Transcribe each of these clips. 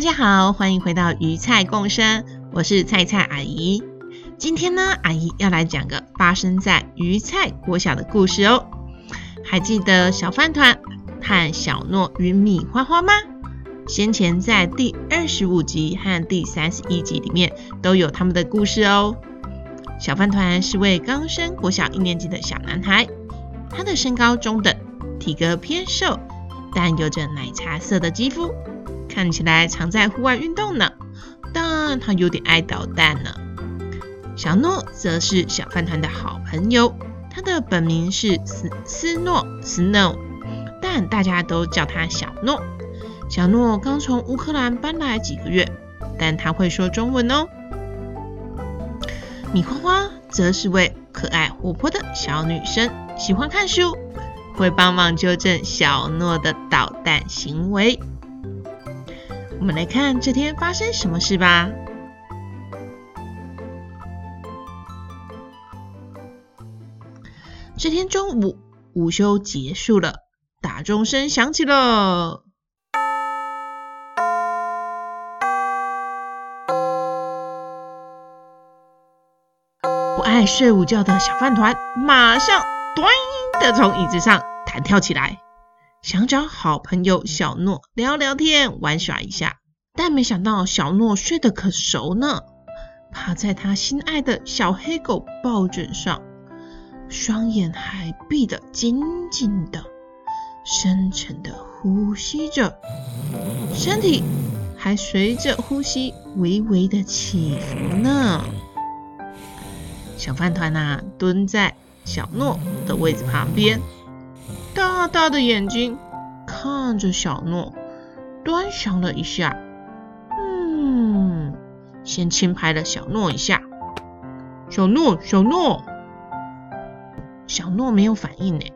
大家好，歡迎回到魚菜共聲，我是菜菜阿姨。今天呢，阿姨要來講個發生在魚菜國小的故事哦。還記得小飯糰和小諾與米花花嗎？先前在第二十五集和第三十一集裡面都有他們的故事哦。小飯糰是位剛升國小一年級的小男孩，他的身高中等，體格偏瘦，但有着奶茶色的肌膚。看起來常在戶外運動呢，但他有點愛搗蛋呢。小諾則是小飯糰的好朋友，他的本名是斯斯諾 （Snow），但大家都叫他小諾。小諾剛從烏克蘭搬來幾個月，但他會說中文哦。米花花則是位可愛活潑的小女生，喜歡看書，會幫忙糾正小諾的搗蛋行為。我們來看這天發生什麼事吧。這天中午，午休結束了，打鐘聲響起了。不愛睡午覺的小飯糰，馬上“咚”的從椅子上彈跳起來。想找好朋友小諾聊聊天、玩耍一下，但沒想到小諾睡得可熟呢，趴在他心愛的小黑狗抱枕上，雙眼還閉得緊緊的，深沉的呼吸着，身體還隨着呼吸微微的起伏呢。小飯糰吶，蹲在小諾的位置旁邊。大大的眼睛看着小諾，端詳了一下，嗯，先輕拍了小諾一下。小諾，小諾，小諾沒有反應呢。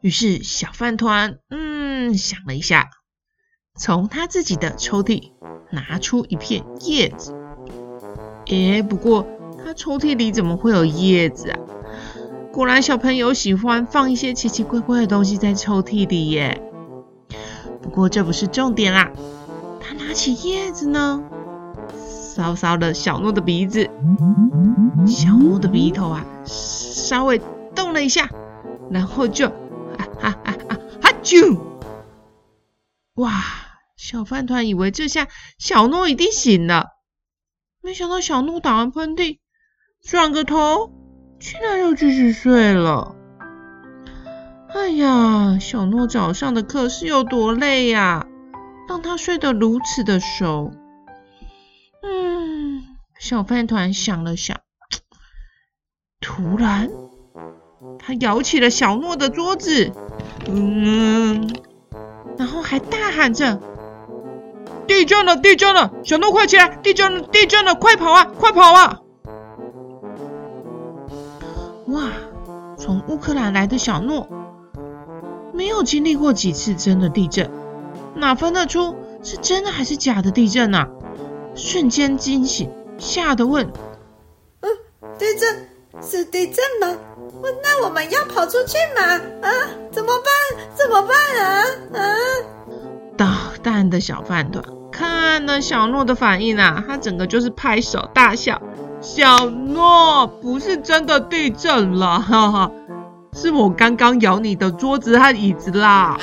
於是小飯糰，嗯，想了一下，從他自己的抽屜拿出一片葉子。誒，不過他抽屜裡怎麼會有葉子啊？果然，小朋友喜歡放一些奇奇怪怪的東西在抽屜裡耶。不過這不是重點啦、啊。他拿起葉子呢，搔搔了小諾的鼻子，小諾的鼻頭啊，稍微動了一下，然後就哈啾！哇，小飯糰以為這下小諾一定醒了，沒想到小諾打完噴嚏，轉個頭。竟然又繼續睡了！哎呀，小諾早上的課是有多累呀、啊，讓他睡得如此的熟。嗯，小飯糰想了想，突然他搖起了小諾的桌子，嗯，然後還大喊着：“地震了！地震了！小諾快起來！地震了！地震了！快跑啊！快跑啊！”哇，從烏克蘭來的小諾，沒有經歷過幾次真的地震，哪分得出是真的還是假的地震啊！瞬間驚醒，嚇得問：“嗯、呃，地震是地震嗎？那我們要跑出去嗎？啊，怎麼辦？怎麼辦啊？啊！”搗蛋的小飯糰，看了小諾的反應啊，他整個就是拍手大笑。小諾，不是真的地震了，哈哈，是我剛剛咬你的桌子和椅子啦。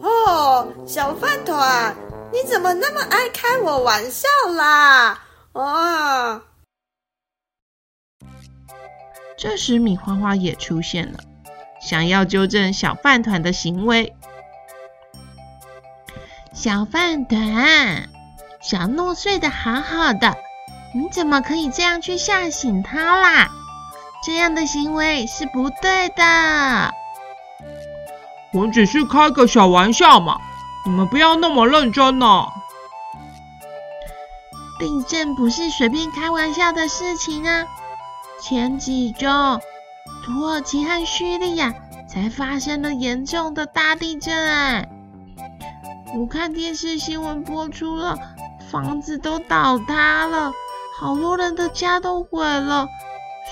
哦，小飯糰，你怎麼那麼愛開我玩笑啦？哦。這時，米花花也出現了，想要糾正小飯糰的行為。小飯糰。小諾睡得好好的，你怎麼可以這樣去嚇醒他啦？這樣的行為是不對的。我只是開個小玩笑嘛，你們不要那麼認真吶、啊。地震不是隨便開玩笑的事情啊。前幾周，土耳其和敘利亞才發生了嚴重的大地震哎、啊，我看電視新聞播出了。房子都倒塌了，好多人的家都毀了，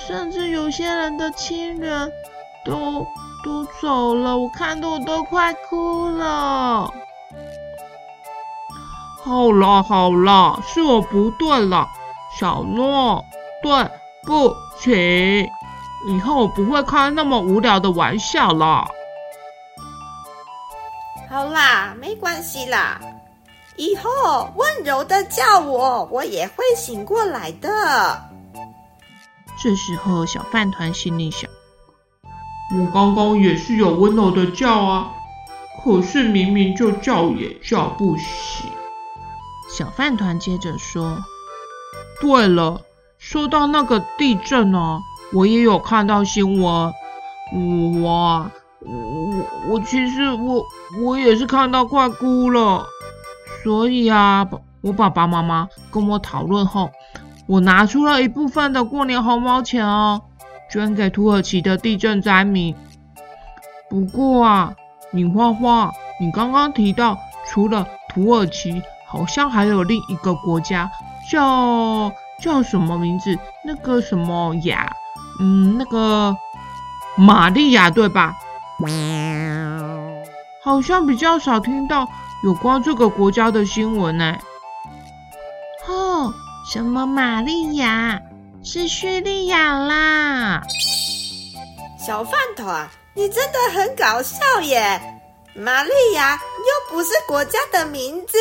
甚至有些人的親人都都走了，我看的我都快哭了。好了好了，是我不對了，小諾，對不起，以後我不會開那麼無聊的玩笑了。好啦，沒關係啦。以後溫柔的叫我，我也會醒過來的。這時候，小飯團心裡想：我剛剛也是有溫柔的叫啊，可是明明就叫也叫不醒。小飯團接着說：對了，說到那個地震啊，我也有看到新聞。哇，我我我其實我我也是看到快哭了。所以啊，我爸爸媽媽跟我討論後，我拿出了一部分的過年紅包錢哦，捐給土耳其的地震災民。不過啊，米花花，你剛剛提到除了土耳其，好像還有另一個國家，叫叫什麼名字？那個什麼亞？嗯，那個瑪利亞，對吧？喵。好像比較少聽到。有關這個國家的新聞呢。哦，什麼？瑪利亞是敘利亞啦！小飯糰啊，你真的很搞笑耶！瑪利亞又不是國家的名字。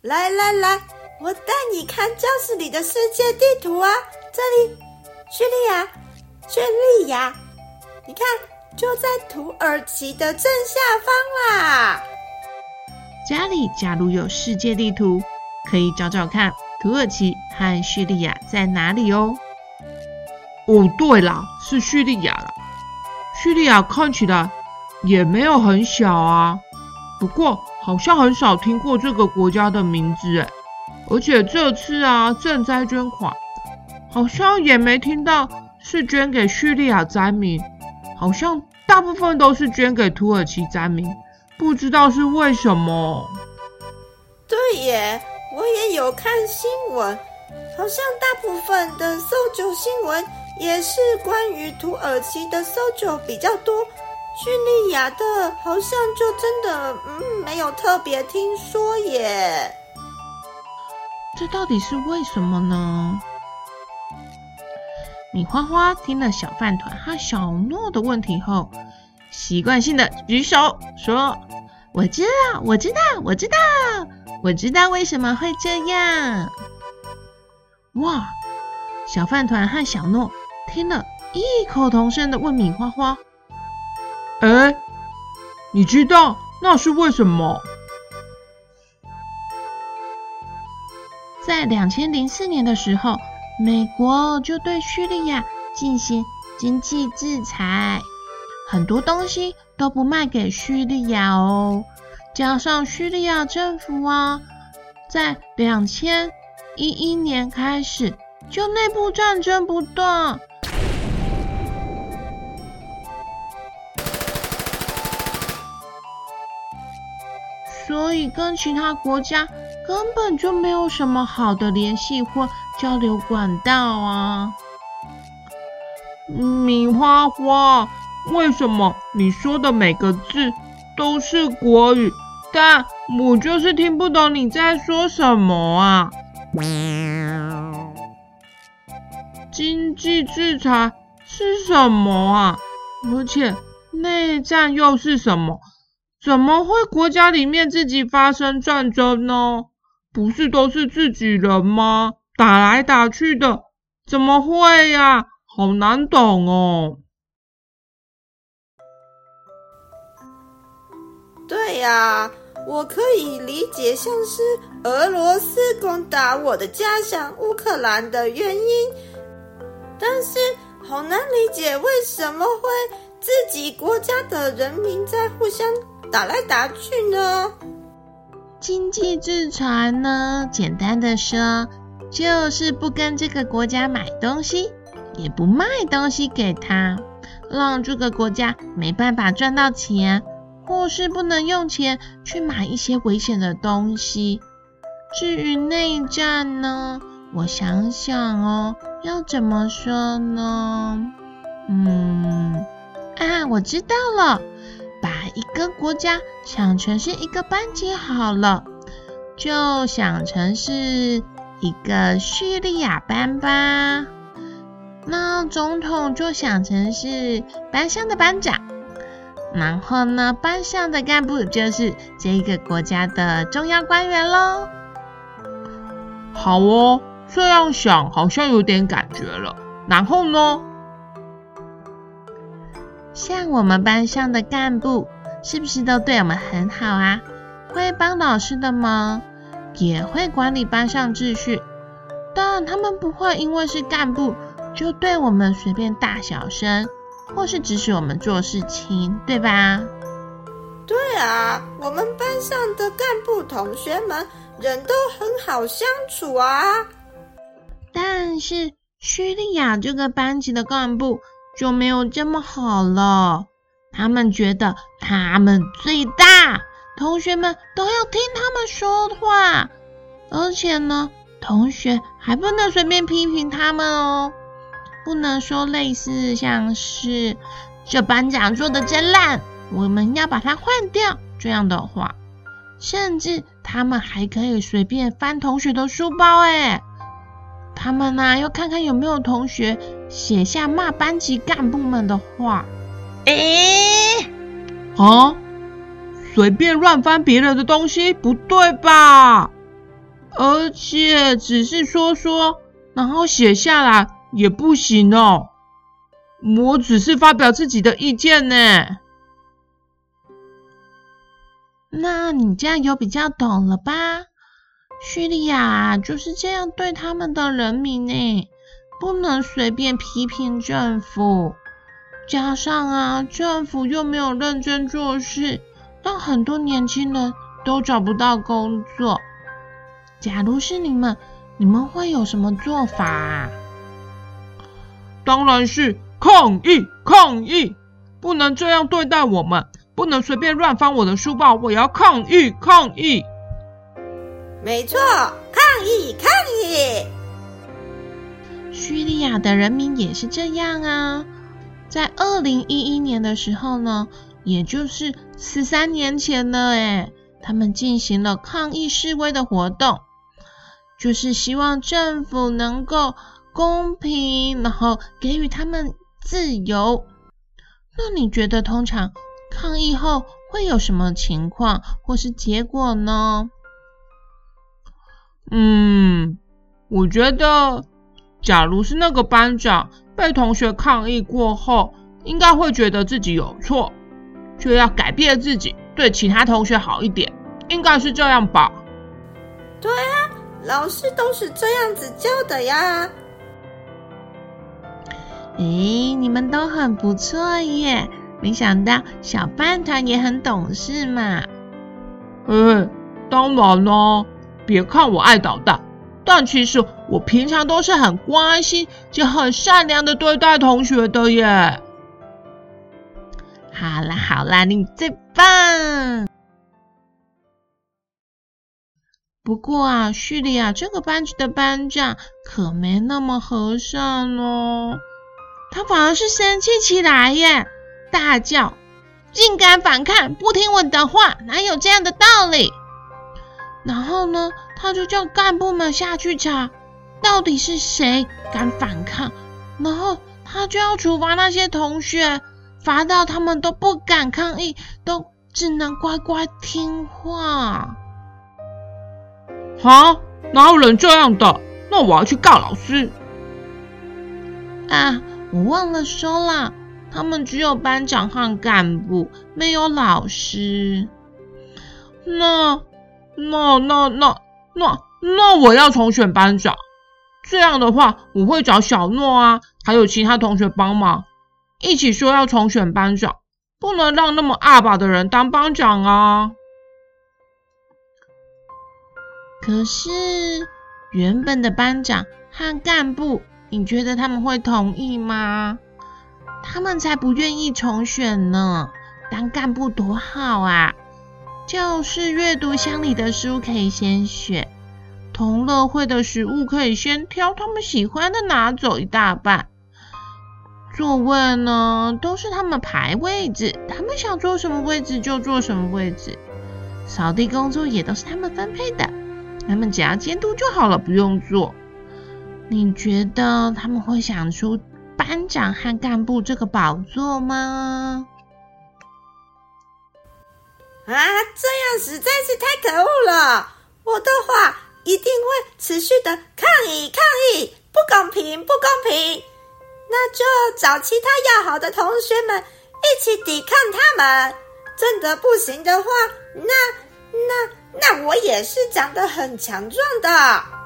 來來來，我帶你看教室裡的世界地圖啊！這裡，敘利亞，敘利亞，你看，就在土耳其的正下方啦。家裡假如有世界地圖，可以找找看土耳其和敘利亞在哪裡哦。哦，對啦，是敘利亞了。敘利亞看起來也沒有很小啊，不過好像很少聽過這個國家的名字誒。而且這次啊，賑災捐款好像也沒聽到是捐給敘利亞災民，好像大部分都是捐給土耳其災民。不知道是為什麼。對耶，我也有看新聞，好像大部分的搜救新聞也是關於土耳其的搜救比較多，敘利亞的好像就真的、嗯、沒有特別聽說耶。這到底是為什麼呢？米花花聽了小飯糰和小諾的問題後。習慣性的舉手說：“我知道，我知道，我知道，我知道為什麼會這樣。”哇！小飯糰和小諾聽了異口同聲的問米花花：“誒，你知道那是為什麼？”在兩千零四年的時候，美國就對敘利亞進行經濟制裁。很多東西都不賣給敘利亞哦，加上敘利亞政府啊，在兩千一一年開始就內部戰爭不斷，所以跟其他國家根本就沒有什麼好的聯繫或交流管道啊。米花花。為什麼你說的每個字都是國語，但我就是聽不懂你在說什麼啊？經濟制裁是什麼啊？而且內戰又是什麼？怎麼會國家裡面自己發生戰爭呢？不是都是自己人嗎？打來打去的，怎麼會啊？好難懂哦。呀，我可以理解像是俄羅斯攻打我的家鄉烏克蘭的原因，但是好難理解為什麼會自己國家的人民在互相打來打去呢？經濟制裁呢？簡單的說，就是不跟這個國家買東西，也不賣東西給他，讓這個國家沒辦法賺到錢。或是不能用錢去買一些危險的東西。至於內戰呢，我想想哦，要怎麼說呢？嗯，啊，我知道了，把一個國家想成是一個班級好了，就想成是一個敘利亞班吧。那總統就想成是班上的班長。然後呢，班上的幹部就是這個國家的重要官員嘍。好哦，這樣想好像有點感覺了。然後呢，像我們班上的幹部，是不是都對我們很好啊？會幫老師的忙，也會管理班上秩序。當然，他們不會因為是幹部就對我們隨便大小聲。或是指使我們做事情，對吧？對啊，我們班上的幹部同學們人都很好相處啊。但是敘利亞這個班級的幹部就沒有這麼好了。他們覺得他們最大，同學們都要聽他們說話，而且呢，同學還不能隨便批評、評他們哦。不能說類似像是這班長做的真爛，我們要把它換掉這樣的話，甚至他們還可以隨便翻同學的書包。誒他們吶、啊、要看看有沒有同學寫下罵班級幹部們的話。誒啊、哦，隨便亂翻別人的東西，不對吧？而且只是說說，然後寫下來。也不行哦，我只是發表自己的意見呢。那你這樣有比較懂了吧？敘利亞就是這樣對他們的人民呢，不能隨便批評政府。加上啊，政府又沒有認真做事，讓很多年輕人都找不到工作。假如是你們，你們會有什麼做法？當然是抗議抗議！不能這樣對待我們，不能隨便亂翻我的書包！我要抗議抗議！沒錯，抗議抗議！敘利亞的人民也是這樣啊，在二零一一年的時候呢，也就是十三年前了、欸，哎，他們進行了抗議示威的活動，就是希望政府能夠。公平，然後給予他們自由。那你覺得通常抗議後會有什麼情況或是結果呢？嗯，我覺得，假如是那個班長被同學抗議過後，應該會覺得自己有錯，就要改變自己，對其他同學好一點，應該是這樣吧？對啊，老師都是這樣子教的呀。哎，你們都很不錯耶！沒想到小飯糰也很懂事嘛。嗯，當然啦！別看我愛搗蛋，但其實我平常都是很關心且很善良的對待同學的耶。好啦好啦，你最棒！不過啊，敘利亞這個班級的班長可沒那麼和善哦。他反而是生氣起來耶，大叫：“竟敢反抗，不聽我的話，哪有這樣的道理？”然後呢，他就叫幹部們下去查，到底是誰敢反抗。然後他就要處罰那些同學，罰到他們都不敢抗議，都只能乖乖聽話。哈，哪有人這樣的？那我要去告老師。啊。我忘了說啦，他們只有班長和幹部，沒有老師。那那那那那那，那那那那我要重選班長。這樣的話，我會找小諾啊，還有其他同學幫忙，一起說要重選班長，不能讓那麼惡霸的人當班長啊。可是原本的班長和幹部。你覺得他們會同意嗎？他們才不願意重選呢！當幹部多好啊！教室閱讀箱裡的書可以先選，同樂會的食物可以先挑，他們喜歡的拿走一大半。座位呢，都是他們排位置，他們想坐什麼位置就坐什麼位置。掃地工作也都是他們分配的，他們只要監督就好了，不用做。你覺得他們會想出班長和幹部這個寶座嗎？啊，這樣實在是太可惡了！我的話一定會持續地抗議，抗議，不公平，不公平。那就找其他要好的同學們一起抵抗他們。真的不行的話，那那那我也是長得很強壯的。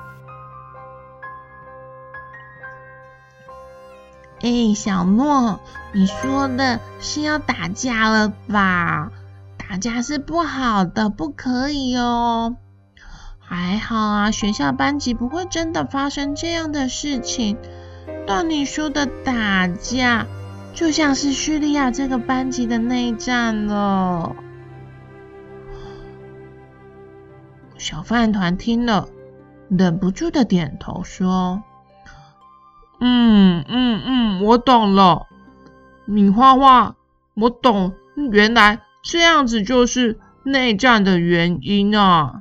哎，小諾，你說的是要打架了吧？打架是不好的，不可以哦。還好啊，學校班級不會真的發生這樣的事情。但你說的打架，就像是敘利亞這個班級的內戰哦。小飯團聽了，忍不住的點頭說。嗯嗯嗯，我懂了，米花花，我懂，原來這樣子就是內戰的原因啊。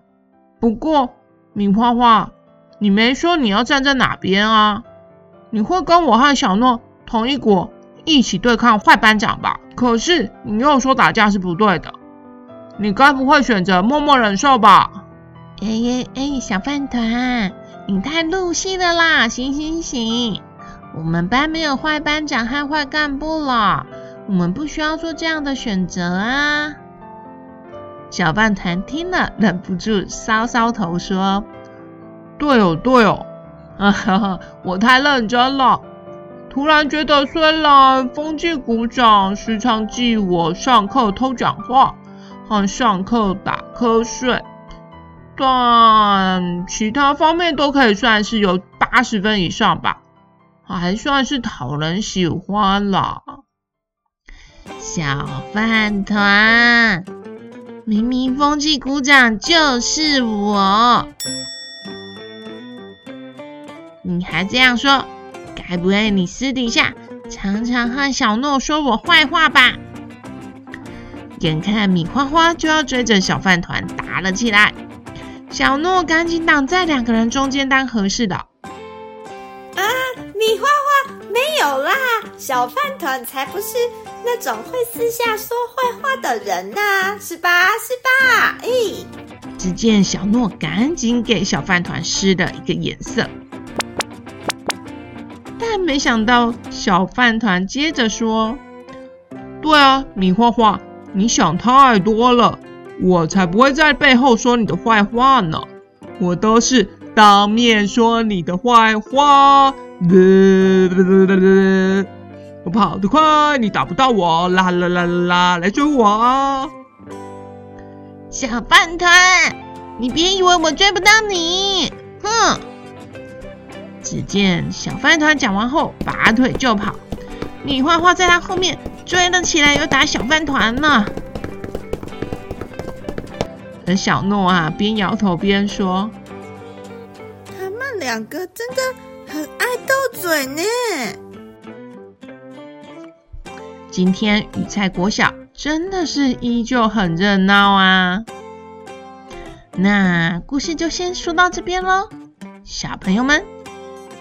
不過米花花，你沒說你要站在哪邊啊？你會跟我和小諾同一國，一起對抗壞班長吧？可是你又說打架是不對的，你該不會選擇默默忍受吧？哎哎哎，小飯糰，你太入戲了啦！行行行。我們班沒有壞班長和壞幹部了，我們不需要做這樣的選擇啊！小飯糰聽了，忍不住搔搔頭，說：“對哦，對哦，呵呵，我太認真了。”突然覺得，雖然風紀股長，時常記我上課偷講話和上課打瞌睡，但其他方面都可以算是有八十分以上吧。還算是討人喜歡啦，小飯糰。明明風紀股長就是我，你還這樣說？該不會你私底下常常和小諾說我壞話吧？眼看米花花就要追着小飯糰打了起來，小諾趕緊擋在兩個人中間當和事佬。啊！米花花，沒有啦，小飯糰才不是那種會私下說壞話的人呢、啊，是吧？是吧？哎、欸，只見小諾趕緊給小飯糰施了一個眼色，但沒想到小飯糰接着說：“對啊，米花花，你想太多了，我才不會在背後說你的壞話呢，我都是當面說你的壞話。”嗯嗯嗯嗯、我跑得快，你打不到我！啦啦啦啦來追我！啊！小飯糰，你別以為我追不到你！哼！只見小飯糰講完後，拔腿就跑。米花花在他後面追了起來，又打小飯糰呢。而小諾啊，邊搖頭邊說：“他們兩個真的……”很愛鬥嘴呢。今天魚菜國小真的是依舊很熱鬧啊。那故事就先說到這邊嘍。小朋友們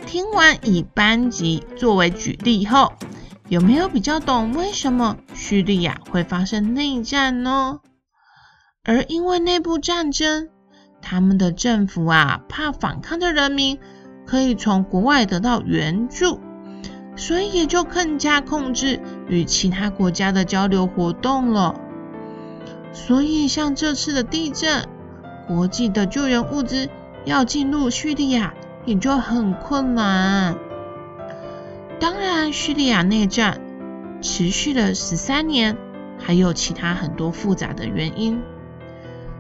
聽完以班級作為舉例以後，有沒有比較懂為什麼敘利亞會發生內戰呢？而因為內部戰爭，他們的政府啊怕反抗的人民。可以從國外得到援助，所以也就更加控制與其他國家的交流活動了。所以，像這次的地震，國際的救援物資要進入敘利亞也就很困難。當然，敘利亞內戰持續了十三年，還有其他很多複雜的原因。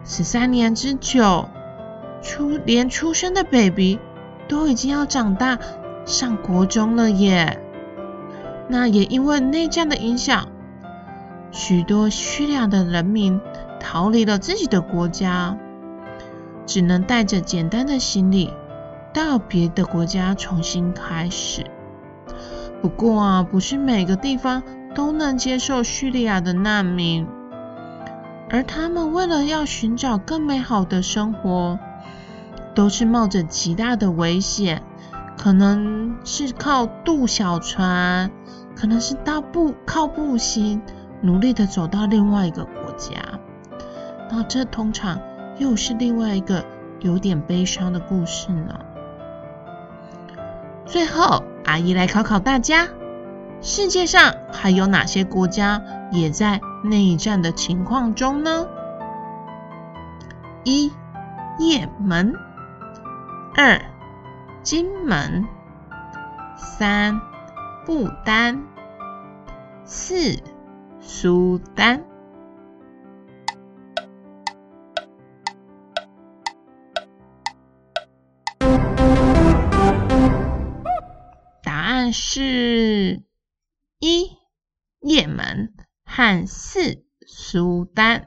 十三年之久，出連出生的 baby。都已經要長大上國中了耶，那也因為內戰的影響，許多敘利亞的人民逃離了自己的國家，只能帶着簡單的行李到別的國家重新開始。不過啊，不是每個地方都能接受敘利亞的難民，而他們為了要尋找更美好的生活。都是冒着極大的危險，可能是靠渡小船，可能是靠步靠步行，努力的走到另外一個國家。那這通常又是另外一個有點悲傷的故事呢。最後，阿姨來考考大家：世界上還有哪些國家也在內戰的情況中呢？一，葉門。二、金門；三、不丹；四、蘇丹。答案是：一、葉門和四、蘇丹。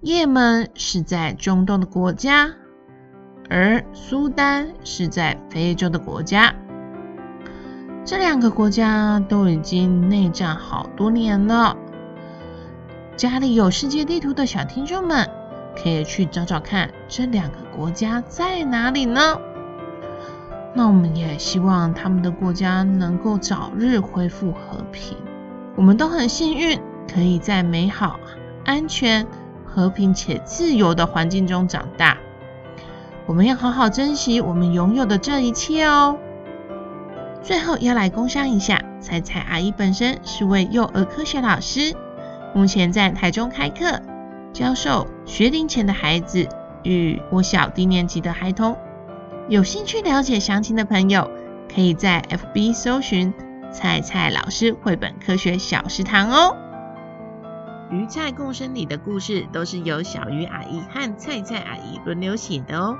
葉門是在中東的國家。而蘇丹是在非洲的國家，這兩個國家都已經內戰好多年了。家裡有世界地圖的小聽眾們，可以去找找看這兩個國家在哪裡呢？那我們也希望他們的國家能夠早日恢復和平。我們都很幸運，可以在美好、安全、和平且自由的環境中長大。我們要好好珍惜我們擁有的這一切哦。最後要來工商一下，菜菜阿姨本身是位幼兒科學老師，目前在台中開課，教授學齡前的孩子與國小低年級的孩童。有興趣了解詳情的朋友，可以在 FB 搜尋“菜菜老師繪本科學小食堂”哦。魚菜共聲裡的故事都是由小魚阿姨和菜菜阿姨輪流寫的哦。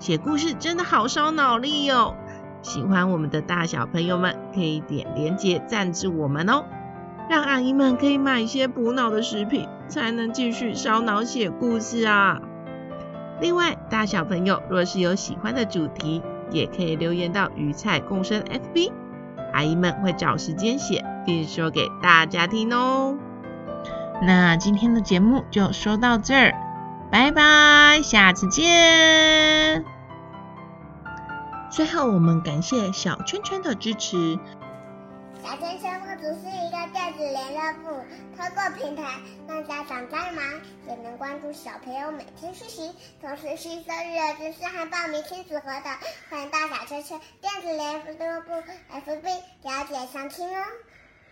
寫故事真的好燒腦力喲！喜歡我們的大小朋友們，可以點鏈接贊助我們哦，讓阿姨們可以買一些補腦的食品，才能繼續燒腦寫故事啊！另外，大小朋友若是有喜歡的主題，也可以留言到魚菜共聲 FB，阿姨們會找時間寫並說給大家聽哦。那今天的節目就說到這兒，拜拜，下次見！最後，我們感謝小圈圈的支持。小圈圈不只是一個電子聯絡簿，透過平台，讓家長再忙也能關注小朋友每天學習，同時吸收育兒知識，和報名親子活動。歡迎到小圈圈電子聯絡簿 FB 了解詳情哦。